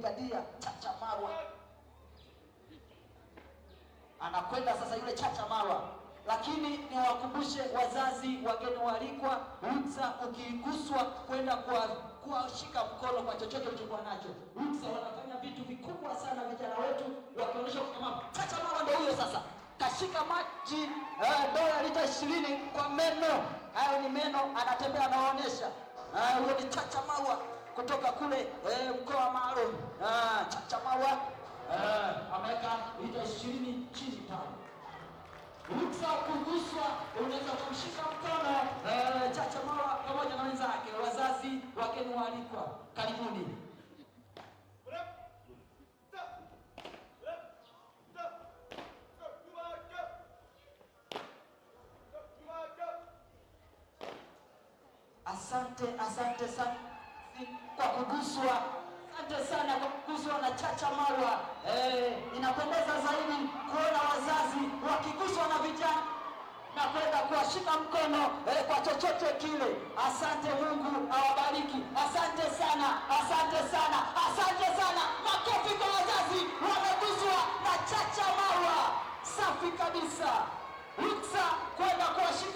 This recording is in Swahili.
brigadier Chacha Marwa anakwenda sasa yule Chacha Marwa. Lakini niwakumbushe wazazi, wageni waalikwa, ruksa ukiguswa kwenda kuwashika mkono kwa chochote ulichokuwa nacho. Ruksa wanafanya vitu vikubwa sana vijana wetu, wakionyesha kama Chacha Marwa ndio huyo sasa kashika maji eh, dola lita ishirini kwa meno. Hayo ni meno, anatembea anaonyesha ah, huyo. Uh, ni Chacha Marwa kutoka kule eh, mkoa wa lita ishirini chini pale. Ruksa kuguswa, unaweza kumshika mkono uh, Chacha Mawa pamoja na wenzake, wazazi wageni waalikwa, karibuni. Asante, asante sana kwa kuguswa, asante sana Marwa. Eh, inapendeza zaidi kuona wazazi wakiguswa na vijana na kwenda kuwashika mkono eh, kwa chochote kile. Asante Mungu awabariki. Asante sana, asante sana, asante sana. Makofi kwa wazazi wameguswa na chacha marwa safi kabisa. Ruksa kwenda kuwashika